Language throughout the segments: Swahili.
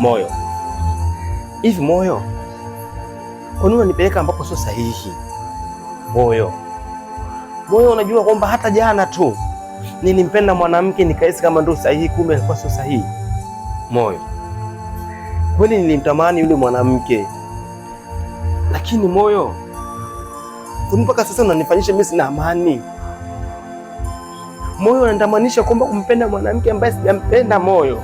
Moyo, hivi moyo, kwa nini unanipeleka ambapo sio sahihi? Moyo, moyo, unajua kwamba hata jana tu nilimpenda mwanamke nikahisi kama ndio sahihi, kumbe alikuwa sio sahihi. Moyo, kweli nilimtamani yule mwanamke, lakini moyo, mpaka sasa unanifanyisha mimi sina amani. Moyo, unanitamanisha kwamba kumpenda mwanamke ambaye sijampenda moyo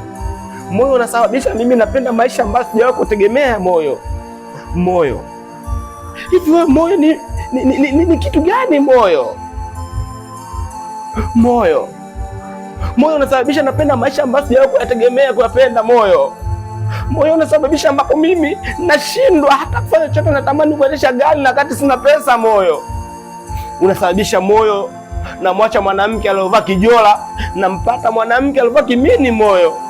Moyo unasababisha mimi napenda maisha ambayo sijawahi kutegemea moyo. Moyo hivi wewe, moyo ni, ni, ni, ni, ni kitu gani? Moyo moyo moyo unasababisha napenda maisha ambayo sijawahi kuyategemea kuyapenda. Moyo moyo unasababisha ambapo mimi nashindwa hata kufanya chochote, natamani kuendesha gari na wakati sina pesa. Moyo unasababisha moyo namwacha mwanamke aliyovaa kijola, nampata mwanamke aliyovaa kimini. Moyo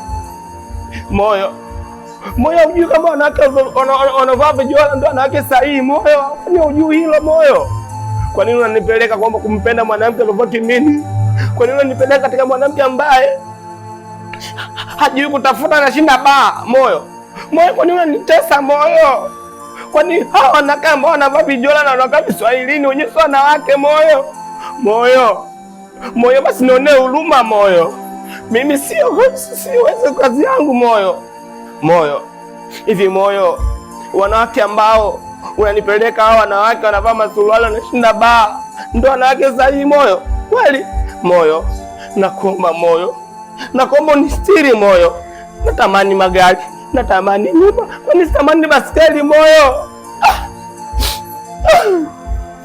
moyo moyo ujui kama wanawake wanavaa vijola ndio wanawake sahihi. Moyo ni ujui hilo? Moyo kwa nini unanipeleka kwamba kumpenda mwanamke aliovaa mimi? Kwa nini unanipeleka katika mwanamke ambaye hajui kutafuta, anashinda baa? Moyo moyo, kwa nini unanitesa moyo? Kwa nini hawa wanakaa ambao wanavaa vijola na wanakaa Kiswahilini wenyewe wanawake? Moyo moyo moyo, basi nione huruma moyo. Mimi siwezi kazi yangu moyo moyo hivi moyo, wanawake ambao unanipeleka hao wanawake wanavaa masuruali wanashinda baa, ndo wanawake sahihi moyo? Kweli moyo, nakuomba moyo, nakuomba unistiri moyo. Natamani magari, natamani nyumba, kwani sitamani baskeli moyo. ah. Ah.